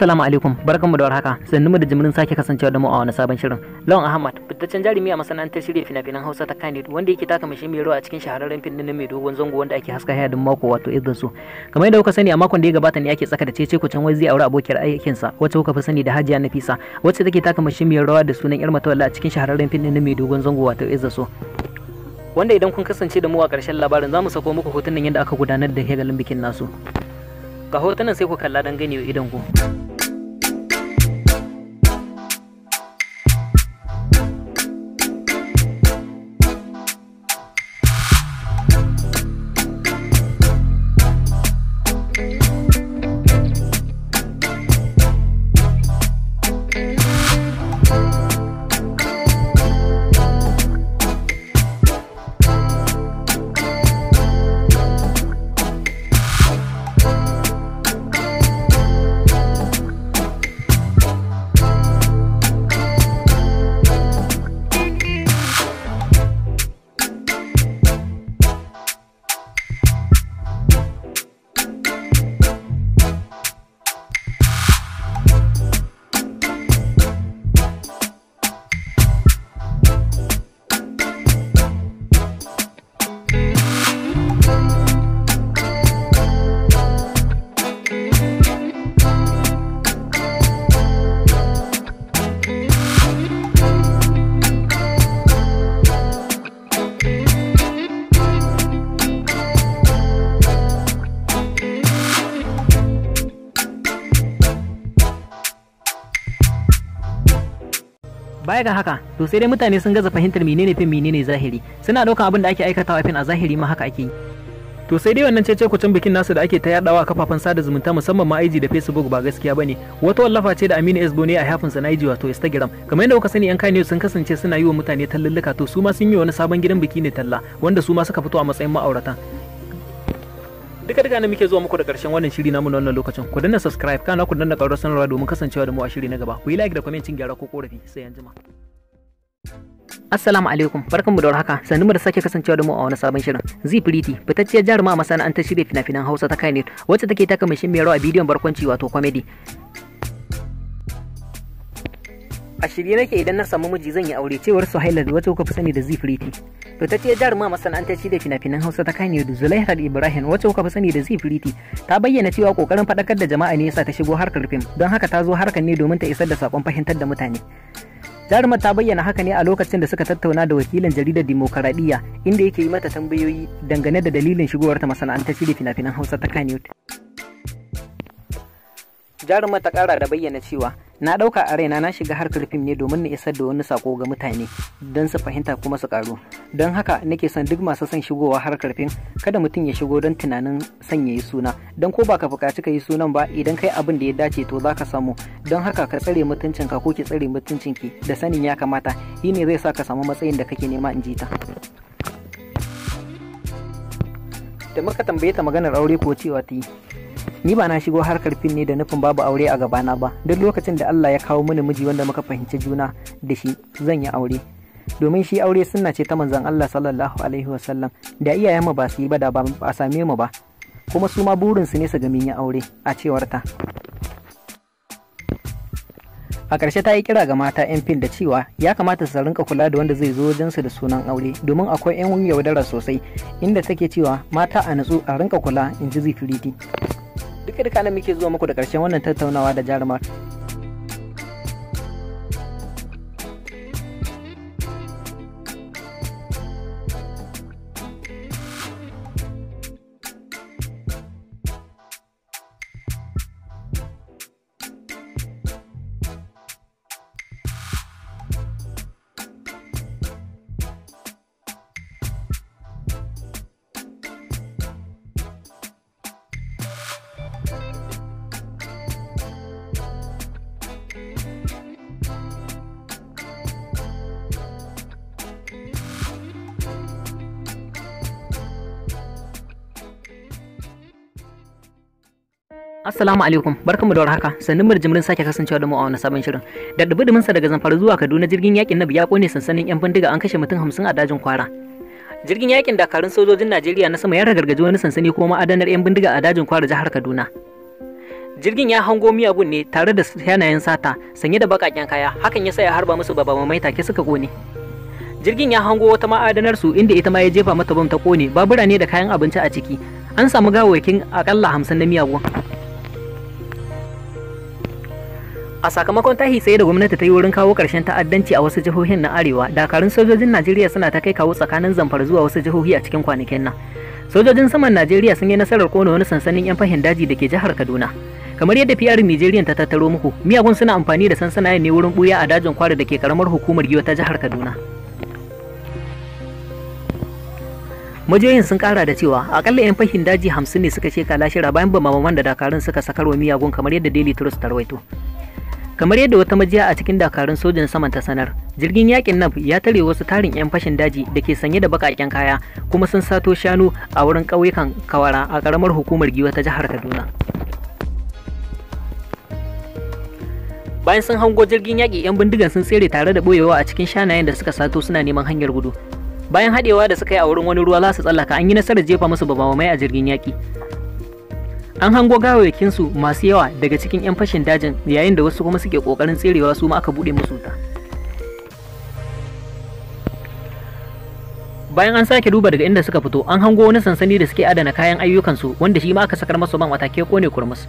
Assalamu alaikum barkanmu da warhaka sannu mu da jimirin sake kasancewa da mu a wani sabon shirin Lawan Ahmad fitaccen jarumi a masana'antar shirya fina-finan Hausa ta Kanid wanda yake taka mashi mai a cikin shahararren fim na mai dogon zango wanda ake haska haya din mako wato idan su kamar yadda kuka sani a makon da ya gabata ne ake tsaka da cece kucin wai zai aure abokiyar aikin sa wacce kuka fi sani da Hajiya Nafisa wacce take taka mashi mai rawa da sunan Yar Tawalla a cikin shahararren fin na mai dogon zango wato idan su wanda idan kun kasance da mu a ƙarshen labarin za sako muku hotunan yadda aka gudanar da hegalin bikin nasu ga hotunan sai ku kalla don gani idan ku. baya ga haka to sai dai mutane sun gaza fahimtar menene fim menene zahiri suna ɗaukan abin da ake aikatawa fim a zahiri ma haka ake yi to sai dai wannan cece kucin bikin nasu da ake ta yadawa a kafafen sada zumunta musamman ma IG da Facebook ba gaskiya bane wata wallafa ce da Aminu Esbo ne a hafin na IG wato Instagram kamar yadda kuka sani yan kai sun kasance suna yi wa mutane tallulluka to su ma sun yi wani sabon gidan biki ne talla wanda su ma suka fito a matsayin ma'auratan duka daga nan muke zuwa muku da karshen wannan shiri namu na wannan lokacin ku danna subscribe kana ku danna karo sanarwa domin kasancewa da mu a shiri na gaba ku yi like da comment gyara ko korafi sai jima Assalamu alaikum mu da warhaka sannu mu da sake kasancewa da mu a wani sabon shirin Pretty fitacciyar jaruma a masana'antar shirya fina-finan Hausa ta Kainet wacce take taka mai rawa bidiyon barkwanci wato comedy a shirye nake idan na samu miji zan yi aure cewar Suhaila da wacce kuka fi sani da Zifriti. To ta ce jaruma masana'antar da fina-finan Hausa ta kanye da Zulaihat Ibrahim wacce kuka fi sani da Zifriti ta bayyana cewa kokarin fadakar da jama'a ne yasa ta shigo harkar fim don haka ta zo harkar ne domin ta isar da sakon fahimtar da mutane. Jarumar ta bayyana haka ne a lokacin da suka tattauna da wakilin jaridar Dimokuraɗiyya inda yake yi mata tambayoyi dangane da dalilin shigowarta masana'antar da fina-finan Hausa ta Kanye. jarumma ta kara da bayyana cewa na dauka a raina na shiga harkar fim ne domin na isar da wani sako ga mutane don su fahimta kuma su karu don haka nake son duk masu son shigowa harkar fim kada mutum ya shigo don tunanin son ya yi suna don ko baka bukaci ka yi sunan ba idan kai abin da ya dace to zaka samu don haka ka tsare mutuncin ka ko ki tsare mutuncin ki da sanin ya kamata yi ne zai sa ka samu matsayin da kake nema in ji ta da muka tambaye ta maganar aure ko cewa ta yi ni ba na shigo harkar fin ne da nufin babu aure a gabana ba duk lokacin da Allah ya kawo mini miji wanda muka fahimci juna da shi zan yi aure domin shi aure sunna ce ta manzon Allah sallallahu alaihi wasallam da iyayen mu ba su yi ba da ba a same mu ba kuma su ma burin su ne su ga yi aure a cewar ta a ƙarshe ta yi kira ga mata 'yan fin da cewa ya kamata su rinka kula da wanda zai zo wajensu da sunan aure domin akwai 'yan yaudara sosai inda take cewa mata a natsu a rinka kula in ji zifiriti duka duka nan muke zuwa muku da ƙarshen wannan tattaunawa da jarumar Assalamu alaikum barkamu da warhaka sannin mu da jimrin sake kasancewa da mu a wannan sabon shirin da dubu dumin sa daga Zamfara zuwa Kaduna jirgin yakin Nabi ya kone sansanin yan bindiga an kashe mutum 50 a dajin Kwara jirgin yakin dakarun sojojin Najeriya na sama ya ragargaje wani sansani kuma ma'adanar yan bindiga a dajin Kwara jihar Kaduna jirgin ya hango miyagun ne tare da yanayin sata sanye da bakaken kaya hakan ya sa ya harba musu baba mai take suka kone jirgin ya hango wata ma'adanar su inda ita ma ya jefa mata bom ta kone babura ne da kayan abinci a ciki an samu gawawakin akalla hamsin na miyagun A sakamakon tahi tsaye da gwamnati ta yi wurin kawo ƙarshen ta'addanci a wasu jihohin na Arewa, dakarun sojojin Najeriya suna ta kai kawo tsakanin zamfara zuwa wasu jihohi a cikin kwanakin nan. Sojojin saman Najeriya sun yi nasarar kona wani sansanin 'yan fahin daji da ke jihar Kaduna. Kamar yadda PR Nigeria ta tattaro muku, miyagun suna amfani da sansanayen ne wurin buya a dajin kwari da ke karamar hukumar giwa ta jihar Kaduna. majiyoyin sun kara da cewa akalla 'yan fahin daji hamsin ne suka sheka lashira bayan bamaman da dakarun suka sakarwa miyagun kamar yadda daily trust ta rawaito kamar yadda wata majiya a cikin dakarun sojan saman ta sanar jirgin yakin naf ya tare wasu tarin 'yan fashin daji da ke sanye da bakaken kaya kuma sun sato shanu a wurin ƙauyukan kawara a ƙaramar hukumar giwa ta jihar kaduna bayan sun hango jirgin yaƙi 'yan bindigan sun tsere tare da boyewa a cikin shanayen da suka sato suna neman hanyar gudu bayan haɗewa da suka yi a wurin wani ruwa za su tsallaka an yi nasarar jefa musu babamai a jirgin yaƙi an hango gawayyakinsu masu yawa daga cikin 'yan fashin dajin yayin da wasu kuma suke kokarin tserewa su ma aka bude musu ta bayan an sake duba daga inda suka fito an hango wani sansani da suke adana kayan ayyukansu wanda shi ma aka sakar masu man watake kone kurmus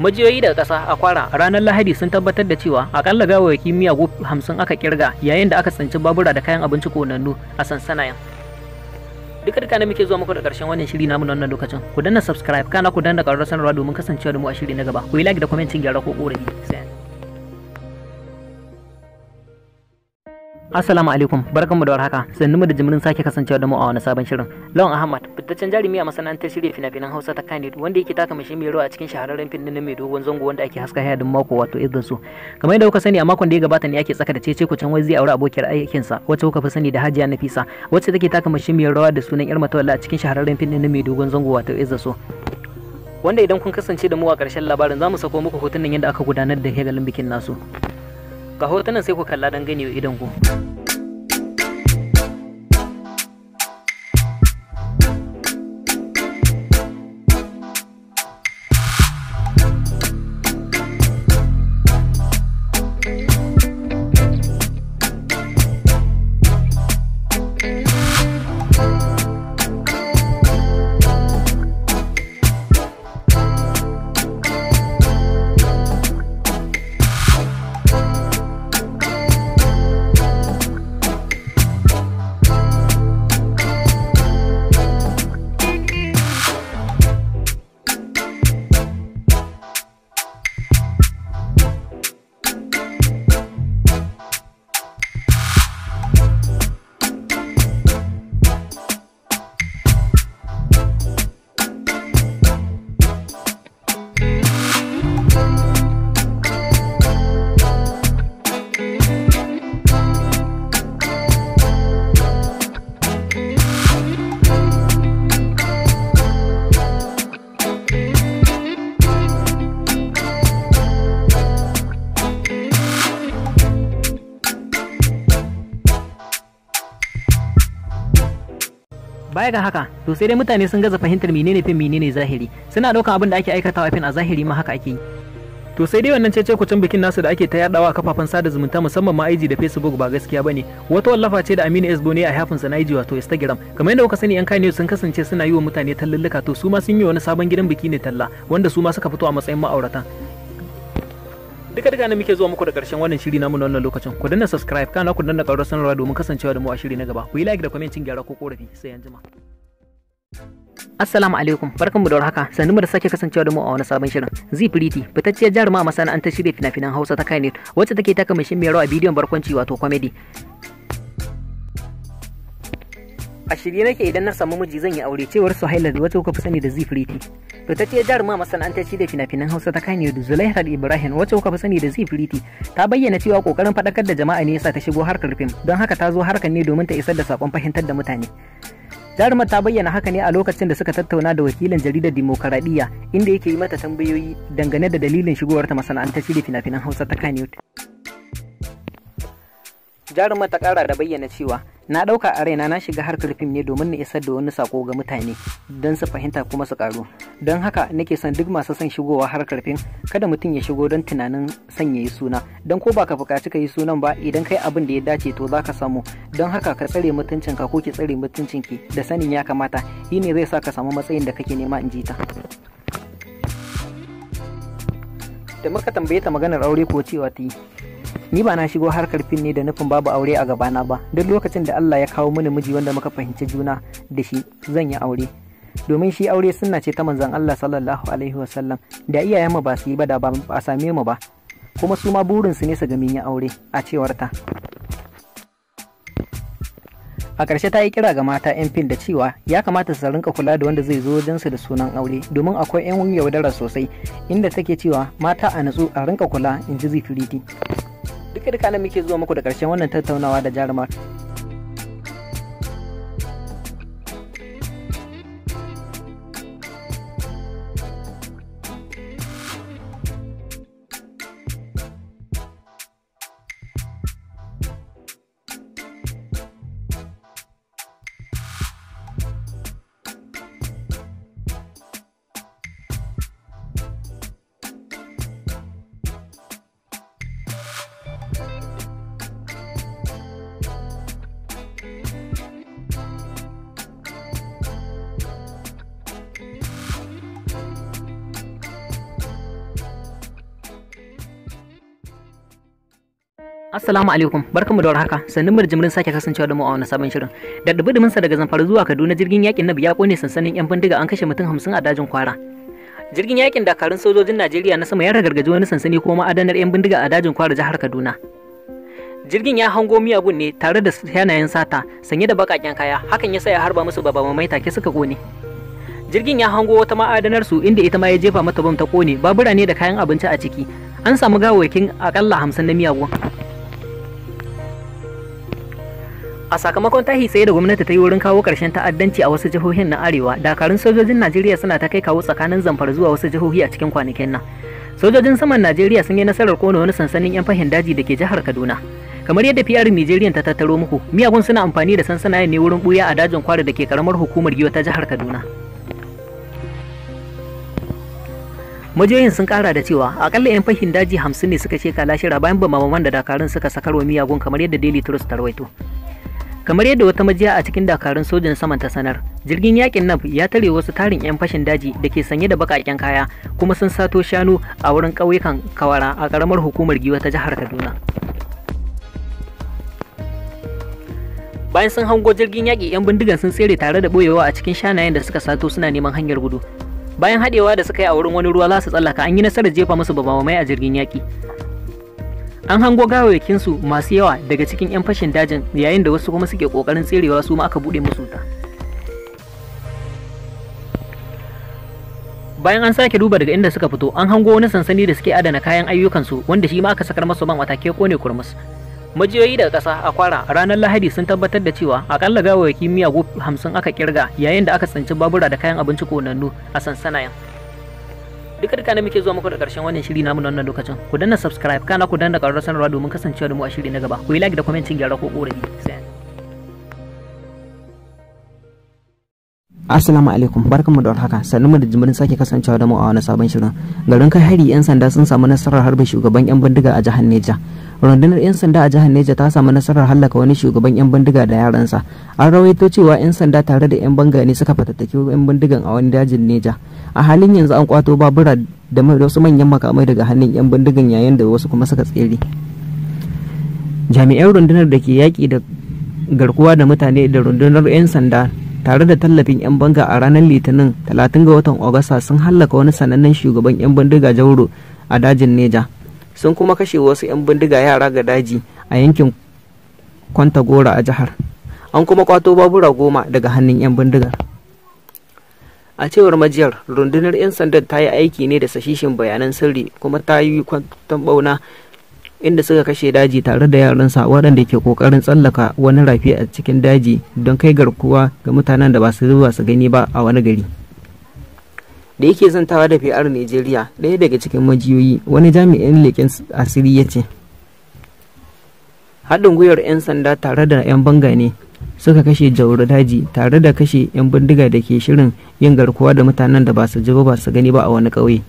majiyoyi daga ƙasa a kwara ranar lahadi sun tabbatar da cewa a akalla gawayyaki miyagu hamsin aka kirga yayin da aka tsinci babura da kayan abinci konannu a sansanayen duka duka ne muke zuwa muku da karshen wannan shiri namu na wannan lokacin ku danna subscribe kana ku danna karar sanarwa domin kasancewa da mu a shiri na gaba ku yi like da comment gyara ko korafi sai Assalamu alaikum barkanmu da warhaka sannu da jimirin sake kasancewa da mu a wani sabon shirin Lawan Ahmad fitaccen jarumi a masana'antar shirya fina-finan Hausa ta Kanid wanda yake taka mai rawa a cikin shahararren fina-finan mai dogon zango wanda ake haska hayadin mako wato Idrisu kamar yadda kuka sani a makon da ya gabata ne ake tsaka da cece kucin wai zai aure abokiyar aikin sa wacce kuka fi sani da Hajiya Nafisa wacce take taka mai rawa da sunan Irma Tawalla a cikin shahararren fina-finan mai dogon zango wato Idrisu wanda idan kun kasance da mu a ƙarshen labarin za mu sako muku hotunan yadda aka gudanar da hegalin bikin nasu ga hotunan sai ku kalla don ganewa idan ku. ga haka to sai dai mutane sun gaza fahimtar menene fim menene zahiri suna daukan abin da ake aikatawa fim a zahiri ma haka ake yi to sai dai wannan cece kucin bikin nasu da ake ta yadawa a kafafen sada zumunta musamman ma IG da Facebook ba gaskiya bane wata wallafa ce da Aminu Esbo ne a hafin sa na IG wato Instagram kamar yadda kuka sani yan kane sun kasance suna yi wa mutane tallulluka to su ma sun yi wani sabon gidan biki ne talla wanda su ma suka fito a matsayin ma'aurata duka duka ne muke zuwa muku da karshen wannan shiri namu na wannan lokacin ku danna subscribe kana ku danna ƙarar sanarwa domin kasancewa da mu a shiri na gaba ku yi like da cin gyara ko korafi sai an jima Assalamu alaikum barkanmu da warhaka mu da sake kasancewa da mu a wani sabon shirin Pretty fitacciyar jaruma a masana'antar shirya fina-finan Hausa ta Kainet wacce take taka mai rawa a bidiyon barkwanci wato comedy a shirye nake idan na samu miji zan yi aure cewar Suhaila wacce kuka sani da Zifriti to ta ce jaruma masana'antaci da finafinan Hausa ta kane da Zulaihat Ibrahim wata kuka sani da Zifriti ta bayyana cewa kokarin fadakar da jama'a ne yasa ta shigo harkar fim don haka ta zo harkar ne domin ta isar da sakon fahimtar da mutane jarumar ta bayyana haka ne a lokacin da suka tattauna da wakilin jaridar dimokuraɗiyya inda yake yi mata tambayoyi dangane da dalilin shigowarta masana'antaci da fina-finan hausa ta kanewt jarumar ta kara da bayyana cewa na ɗauka a raina na shiga harkar fim ne domin na isar da wani sako ga mutane don su fahimta kuma su karu don haka nake son duk masu son shigowa harkar fim kada mutum ya shigo don tunanin son ya yi suna don ko baka bukaci ka yi sunan ba idan kai abin da ya dace to za ka samu don haka ka tsare mutuncinka ko ki tsare mutuncin ki da sanin ya kamata yi ne zai sa ka samu matsayin da kake nema in ji ta. da muka tambaye ta maganar aure ko cewa ta yi ni ba na shigo harkar fim ne da nufin babu aure a gabana ba duk lokacin da Allah ya kawo mini miji wanda muka fahimci juna da shi zan yi aure domin shi aure sunna ce ta manzon Allah sallallahu alaihi wasallam da iyayenmu ba su yi ba da ba a same mu ba kuma su ma burin su ne su ga mun yi aure a cewar ta a ƙarshe ta yi kira ga mata 'yan fim da cewa ya kamata su rinka kula da wanda zai zo wajen su da sunan aure domin akwai 'yan yaudara sosai inda take cewa mata a natsu a rinka kula in ji zifiriti duka da kana muke zuwa muku da karshen wannan tattaunawa da jarumar. Assalamu alaikum barkamu da warhaka sannan mu da jimrin sake kasancewa da mu a wannan sabon shirin da dubu dumin sa daga Zamfara zuwa Kaduna jirgin yakin Nabi ya kone sansanin yan bindiga an kashe mutum 50 a dajin Kwara Jirgin yakin dakarun sojojin Najeriya na sama ya ragargaje wani sansani ko ma'adanar yan bindiga a dajin Kwara jihar Kaduna Jirgin ya hango miyagun ne tare da yanayin sata sanye da bakaken kaya hakan ya sa ya harba musu mai take suka kone jirgin ya hango wata ma'adanar su inda ita ma ya jefa mata bam ta kone babura ne da kayan abinci a ciki an samu gawawakin akalla 50 na miyagun a sakamakon tahi sai da gwamnati ta yi wurin kawo ƙarshen ta'addanci a wasu jihohin na arewa dakarun sojojin najeriya suna ta kai kawo tsakanin zamfara zuwa wasu jihohi a cikin kwanakin nan sojojin saman najeriya sun yi nasarar kona wani sansanin yan fahin daji da ke jihar kaduna kamar yadda PR nigeria ta tattaro muku miyagun suna amfani da sansanayen ne wurin buya a dajin kwari da ke karamar hukumar giwa ta jihar Kaduna majiyoyin sun kara da cewa akalla 'yan fahin daji hamsin ne suka sheka lashira bayan bamaman da dakarun suka sakarwa miyagun kamar yadda Daily Trust ta rawaito kamar yadda wata majiya a cikin dakarun sojan saman ta sanar jirgin yakin nab ya tare wasu tarin 'yan fashin daji da ke sanye da bakaken kaya kuma sun sato shanu a wurin ƙauyukan kawara a ƙaramar hukumar giwa ta jihar kaduna bayan sun hango jirgin yaƙi 'yan bindigan sun tsere tare da boyewa a cikin shanayen da suka sato suna neman hanyar gudu bayan haɗewa da suka yi a wurin wani ruwa za su tsallaka an yi nasarar jefa musu babamai a jirgin yaƙi an hango su masu yawa daga cikin 'yan fashin dajin yayin da wasu kuma suke kokarin tserewa su ma aka bude musu ta bayan an sake duba daga inda suka fito an hango wani sansani da suke adana kayan ayyukansu wanda shi ma aka sakar masa man atake ko kurmus majiyoyi daga ƙasa a kwara ranar lahadi sun tabbatar da cewa akalla gawayyaki miyagu hamsin aka kirga yayin da aka tsinci babura da kayan abinci konannu a sansanayen duka duka ne muke zuwa muku da karshen wannan shiri namu na wannan lokacin ku danna subscribe kana ku danna karar sanarwa domin kasancewa da mu a shiri na gaba ku yi like da comment cin gyara ko korafi Assalamu alaikum barkanmu da warhaka sannu mu da jimirin sake kasancewa da mu a wani sabon shirin garin kai hari yan sanda sun samu nasarar harbe shugaban yan bindiga a jihar Neja rundunar 'yan sanda a jihar neja ta samu nasarar hallaka wani shugaban 'yan bindiga da yaransa an rawaito cewa 'yan sanda tare da 'yan banga ne suka fatattaki 'yan bindigan a wani dajin neja a halin yanzu an kwato babura da wasu manyan makamai daga hannun 'yan bindigan yayin da wasu kuma suka tsere jami'an rundunar da ke yaƙi da garkuwa da mutane da rundunar 'yan sanda tare da tallafin 'yan banga a ranar litinin 30 ga watan agusta sun hallaka wani sanannen shugaban 'yan bindiga jauro a dajin neja sun kuma kashe wasu 'yan bindiga yara ga daji a yankin kwanta gora a jihar an kuma kwato babura goma daga hannun 'yan bindiga. a cewar majiyar rundunar 'yan sanda ta yi aiki ne da sashishin bayanan sirri kuma ta yi kwantan bauna inda suka kashe daji tare da yaransa waɗanda ke ƙoƙarin tsallaka wani rafi a cikin daji don kai garkuwa ga mutanen da ba su zuba su gani ba a wani gari da yake zantawa da PR Najeriya ɗaya daga cikin majiyoyi wani jami'in leƙen asiri ya ce haɗin gwiwar 'yan sanda tare da 'yan banga ne suka kashe jauro daji tare da kashe 'yan bindiga da ke shirin yin garkuwa da mutanen da ba su ji ba su gani ba a wani ƙauye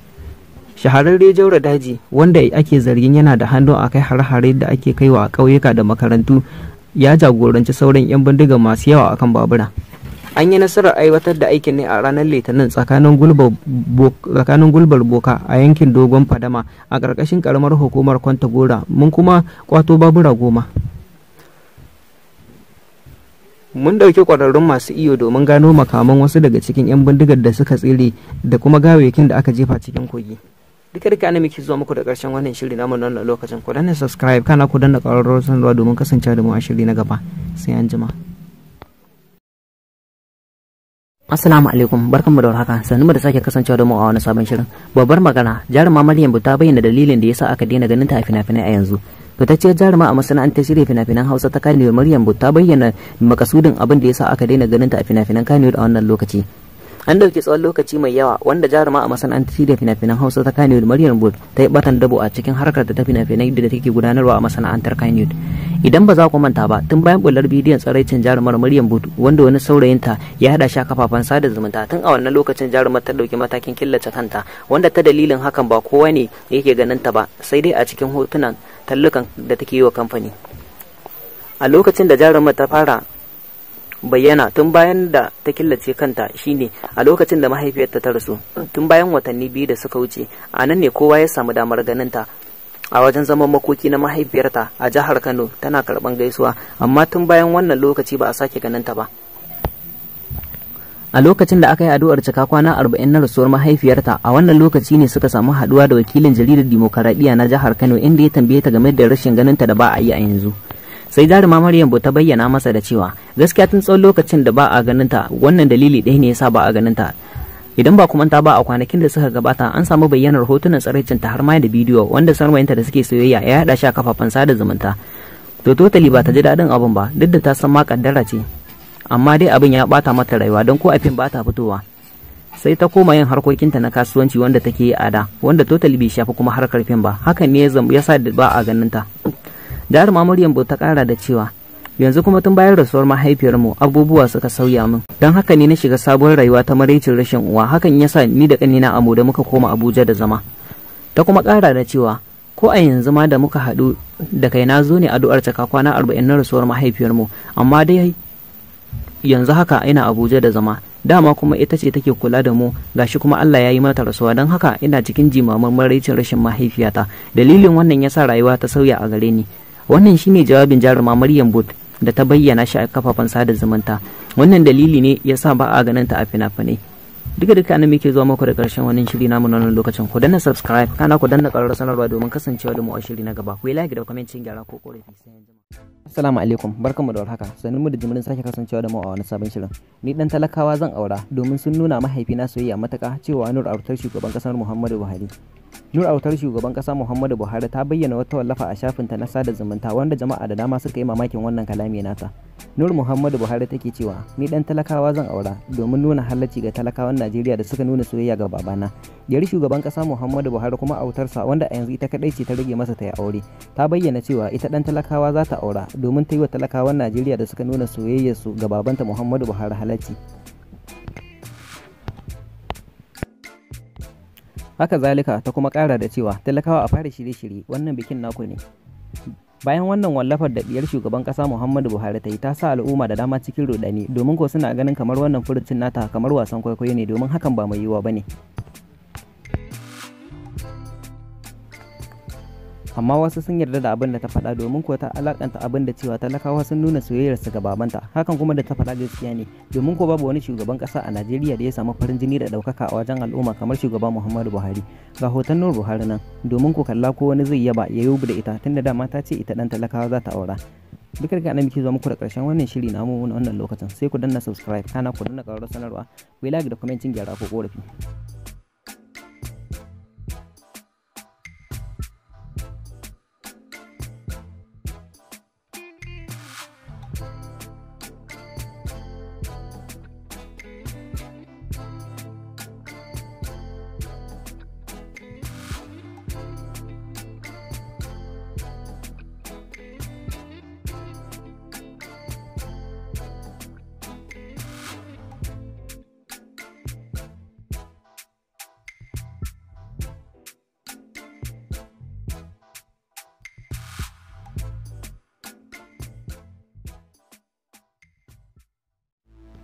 shahararre jauro daji wanda ake zargin yana da hannu a kai hare-hare da ake kaiwa a ƙauyuka da makarantu ya jagoranci sauran 'yan bindiga masu yawa akan babura an yi nasarar aiwatar da aikin ne a ranar litinin tsakanin gulbar boka a yankin dogon fadama a ƙarƙashin ƙaramar hukumar kwantagora mun kuma kwato babura goma mun ɗauki ƙwararrun masu iyo domin gano makaman wasu daga cikin 'yan bindigar da suka tsire da kuma gawayakin da aka jefa cikin kogi duka duka ana miki zuwa muku da ƙarshen wannan shiri namu nan lokacin ku danna subscribe kana ku danna ƙwararrawar sanarwa domin kasancewa da mu a shiri na gaba sai an jima. Assalamu alaikum barkanmu da warhaka sanin da sake kasancewa da mu a wani sabon shirin babbar magana jaruma Maryam ta bayyana dalilin da yasa aka daina ganin ta a fina-finai a yanzu ta ce jaruma a masana'antar shirya fina-finan Hausa ta Kano Maryam ta bayyana makasudin abin da yasa aka daina ganin ta a fina-finan Kano a wannan lokaci an dauke tsawon lokaci mai yawa wanda jaruma a masana'antar da fina-finan hausa ta kanewood maryam bud ta yi batan dabo a cikin harkar da ta fina finan da take gudanarwa a masana'antar kanewood idan ba za ku manta ba tun bayan bullar bidiyon tsaraicin jarumar maryam bud wanda wani saurayinta ya hada shi a kafafen sada zumunta tun a wannan lokacin jarumar ta dauki matakin killace kanta wanda ta dalilin hakan ba kowa ne yake ganin ta ba sai dai a cikin hotunan tallukan da take yi wa kamfani a lokacin da jarumar ta fara bayyana tun bayan da ta killace kanta shine a lokacin da mahaifiyarta ta rasu tun bayan watanni biyu da suka wuce a nan ne kowa ya samu damar ganinta a wajen zaman makoki na mahaifiyarta a jihar kano tana karban gaisuwa amma tun bayan wannan lokaci ba a sake ganinta ba a lokacin da aka yi addu'ar cika kwana arba'in na rasuwar mahaifiyarta a wannan lokaci ne suka samu haduwa da wakilin jaridar dimokuraɗiyya na jihar kano inda ya tambaye ta game da rashin ganinta da ba a yi a yanzu sai jaruma maryam ta bayyana masa da cewa gaskiya tun tsawon lokacin da ba a ganin ta wannan dalili ɗaya ne yasa ba a ganin ta idan ba kuma ta ba a kwanakin da suka gabata an samu bayyanar hotunan tsaraicin ta har ma da bidiyo wanda sarmayinta da suke soyayya ya yada shi a kafafen sada zumunta to totally ba ta ji daɗin abin ba duk da ta san ma kaddara ce amma dai abin ya bata mata rayuwa don ko a fim ba ta fitowa sai ta koma yin harkokinta na kasuwanci wanda take yi a da wanda totally bai shafi kuma harkar fim ba hakan ne ya sa ba a ganin ta jaruma Maryam ta kara da cewa yanzu kuma tun bayan rasuwar mahaifiyarmu abubuwa suka sauya min don haka ne na shiga sabuwar rayuwa ta maraicin rashin uwa hakan yasa ni da kanina a da muka koma abuja da zama ta kuma kara da cewa ko a yanzu ma da muka haɗu da kai na zo ne addu'ar caka kwana arba'in na rasuwar mahaifiyarmu amma dai yanzu haka ina abuja da zama dama kuma ita ce take kula da mu gashi kuma Allah ya yi mata rasuwa don haka ina cikin jimamar maraicin rashin mahaifiyata dalilin wannan yasa rayuwa ta sauya a gare ni wannan shine jawabin jaruma maryam booth da ta bayyana shi a kafafen sada zumunta wannan dalili ne ya sa ba a ganin ta a fina-finai duka duka nan muke zuwa muku da karshen wannan shiri namu na wannan lokacin ku danna subscribe kana ku danna ƙararrar sanarwa domin kasancewa da mu a shiri na gaba ku yi like da kwamencin gyara ko korafi sai yanzu Assalamu alaikum barkanmu da warhaka sanin mu da jimirin sake kasancewa da mu a wani sabon shirin ni dan talakawa zan aura domin sun nuna mahaifina soyayya mataka cewa nur shi shugaban kasar Muhammadu Buhari Nur autar shugaban kasa Muhammadu Buhari ta bayyana wata wallafa a shafin ta na sada zumunta wanda jama'a da dama suka yi mamakin wannan kalami nata. Nur Muhammadu Buhari take cewa ni dan talakawa zan aura domin nuna halacci ga talakawan Najeriya da suka nuna soyayya ga babana. Yari shugaban kasa Muhammadu Buhari kuma autarsa wanda a yanzu ita kadai ce ta rage masa ta yi aure. Ta bayyana cewa ita dan talakawa za ta aura domin ta yi wa talakawan Najeriya da suka nuna soyayyarsu ga babanta Muhammadu Buhari halacci. haka zalika ta kuma ƙara da cewa talakawa a fara shirye-shirye wannan bikin naku ne bayan wannan wallafar da biyar shugaban kasa muhammadu buhari ta yi ta sa al'umma da dama cikin rudani domin ko suna ganin kamar wannan furucin nata kamar wasan kwaikwayo ne domin hakan ba mai yiwuwa ne. amma wasu sun yarda da abin da ta faɗa domin kuwa ta alakanta abin da cewa talakawa sun nuna soyayyarsu ga babanta hakan kuma da ta faɗa gaskiya ne domin ko babu wani shugaban ƙasa a Najeriya da ya samu farin jini da ɗaukaka a wajen al'umma kamar shugaban Muhammadu Buhari ga hoton Nur Buhari nan domin ku kalla ko wani zai yaba ya yi da ita tunda dama ta ce ita dan talakawa za ta aura duka daga nan muke zuwa muku da ƙarshen wannan shiri na mu wannan lokacin sai ku danna subscribe kana ku danna ƙararrawar sanarwa ku yi like da comment gyara ko korafi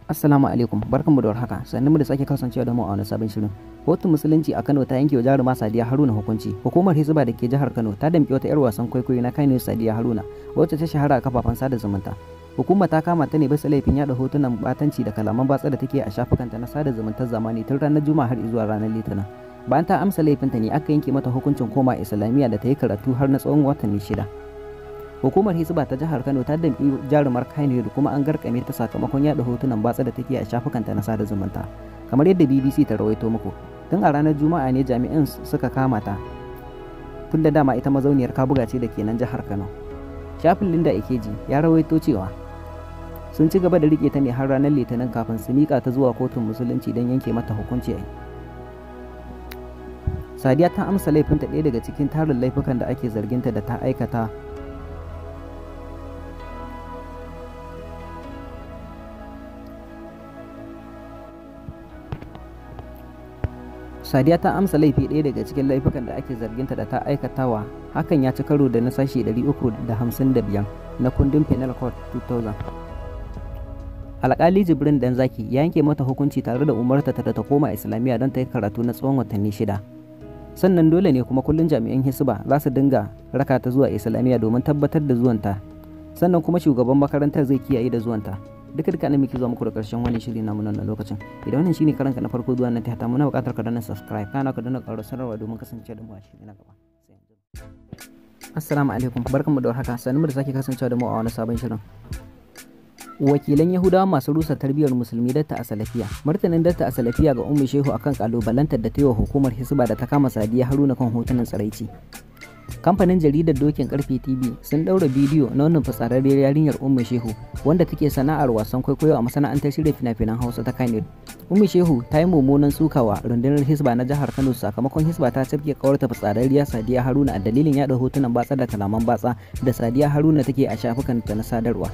Assalamu alaikum barkanmu da warhaka sannan mu da sake kasancewa da mu a wani sabon shirin kotun musulunci a Kano ta yanke wa jaruma Sadiya Haruna hukunci hukumar Hizba da ke jihar Kano ta damƙi wata yar wasan kwaikwayo na Kano Sadiya Haruna wacce ta shahara a kafafen sada zumunta hukuma ta kama ta ne bisa laifin yada hotunan batanci da kalaman batsa da take a ta na sada zumuntar zamani tun ranar Juma'a har zuwa ranar Litinin bayan ta amsa laifinta ne aka yanke mata hukuncin koma Islamiyya da ta yi karatu har na tsawon watanni shida hukumar hisba ta jihar kano ta damƙi jarumar kainu kuma an garkame ta sakamakon yada hotunan batsa da take a shafukanta na sada zumunta kamar yadda bbc ta rawaito muku tun a ranar juma'a ne jami'an suka kama ta tun da dama ita mazauniyar kabuga ce da ke nan jihar kano shafin linda ikeji ya rawaito cewa sun ci gaba da rike ta ne har ranar litinin kafin su miƙa ta zuwa kotun musulunci don yanke mata hukunci a sadiya ta amsa laifinta ɗaya daga cikin tarin laifukan da ake zarginta da ta aikata Sadiya ta amsa laifi ɗaya daga cikin laifukan da ake zarginta da ta aikatawa hakan ya ci karo da na sashi 355 na kundin Penal court 2000. Alƙali Jibrin zaki ya yanke mata hukunci tare da umarta ta ta koma Islamiyya don ta yi karatu na tsawon watanni shida. Sannan dole ne kuma kullum jami'an Hisba za su dinga raka ta zuwa Islamiyya domin tabbatar da zuwanta. Sannan kuma shugaban makarantar zai kiyaye da zuwanta. duka duka ne muke zuwa muku da karshen wannan shiri na nan lokacin idan wannan shine karanka na farko zuwa nan ta muna bukatar ka danna subscribe kana ka danna karo sanarwa domin kasance da mu a shiri na gaba Assalamu alaikum barkanmu da warhaka sanin da sake kasancewa da mu a wani sabon shirin wakilan yahudawa masu rusa tarbiyyar musulmi datta a salafiya martanin datta a salafiya ga ummi shehu akan kalubalantar da ta yi wa hukumar hisba da ta kama sadiya haruna kan hotunan tsaraici. kamfanin jaridar dokin karfe tv sun daura bidiyo na wannan fasararriyar yarinyar umar shehu wanda take sana'ar wasan kwaikwayo a masana'antar shirya fina-finan hausa ta kanil umar shehu ta yi mummunan sukawa rundunar hisba na jihar kano sakamakon hisba ta cafke kawarta fasararriya sadiya haruna a dalilin yada hotunan batsa da kalaman batsa da sadiya haruna take a shafukan ta na sadarwa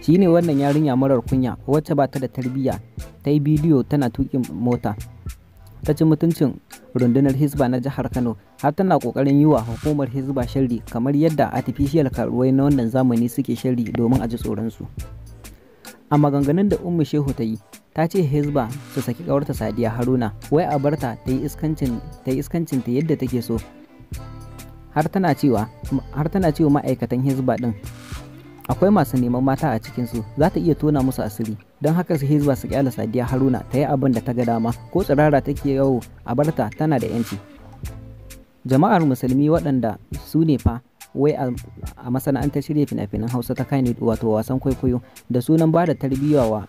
shi ne wannan yarinya marar kunya wacce ba ta da tarbiyya ta yi bidiyo tana tukin mota ta ci mutuncin rundunar hisba na jihar kano har tana kokarin yi wa hukumar hizba sharri kamar yadda artificial karuwai na wannan zamani suke sharri domin a ji tsoronsu a maganganun da ummu shehu ta yi ta ce hizba su saki kawarta sadiya haruna wai a barta ta yi iskancin ta iskancin ta yadda take so har tana cewa ma'aikatan hizba din akwai masu neman mata a cikinsu za ta iya tona musu asiri don haka su hizba su kyala sadiya haruna ta yi abin da ta ga dama ko tsirara take yawo a barta tana da yanci jama'ar musulmi waɗanda su ne fa wai a masana'antar shirya fina-finan hausa ta kai wato wasan kwaikwayo da sunan ba da tarbiyya wa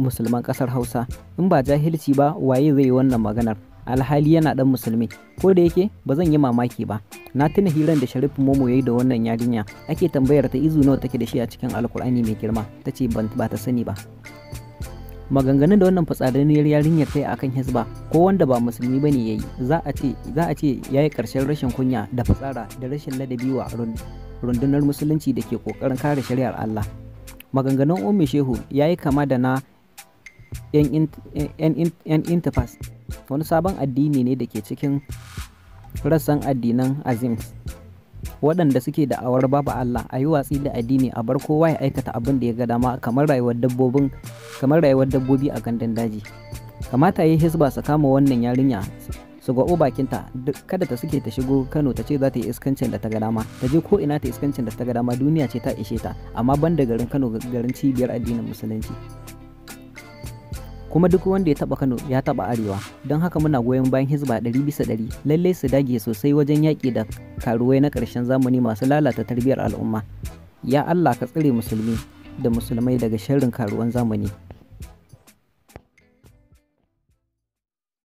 musulman ƙasar hausa in ba jahilci ba waye zai yi wannan maganar alhali yana ɗan musulmi ko da yake ba zan yi mamaki ba na tuna hirar da sharif momo ya yi da wannan yarinya ake tambayar ta izu nawa take da shi a cikin alkur'ani mai girma ta ce ba ta sani ba maganganun da wannan fitsariniyar yarinyar ta yi akan hisba ko wanda ba musulmi bane yayi za a ce za a ce yayi ƙarshen rashin kunya da fitsara da rashin ladabi wa rundunar musulunci da ke ƙoƙarin kare shari'ar Allah maganganun ummi shehu yayi kama da na yan intifas wani sabon addini ne da ke cikin rassan addinan azims waɗanda suke da awar babu Allah a yi watsi da addini a bar kowa ya aikata abin da ya ga dama kamar rayuwar dabbobin kamar rayuwar dabbobi a gandun daji kamata yi hisba su kama wannan yarinya su ga bakinta kada ta suke ta shigo Kano ta ce za ta yi iskancin da ta ga dama ta je ko ina ta iskancin da ta ga dama duniya ce ta ishe ta amma banda garin Kano garin cibiyar addinin musulunci kuma duk wanda ya taba Kano ya taba Arewa don haka muna goyon bayan Hizba 100 bisa 100 lallai su dage sosai wajen yaƙi da karuwai na ƙarshen zamani masu lalata tarbiyar al'umma ya Allah ka tsire musulmi da musulmai daga sharrin karuwan zamani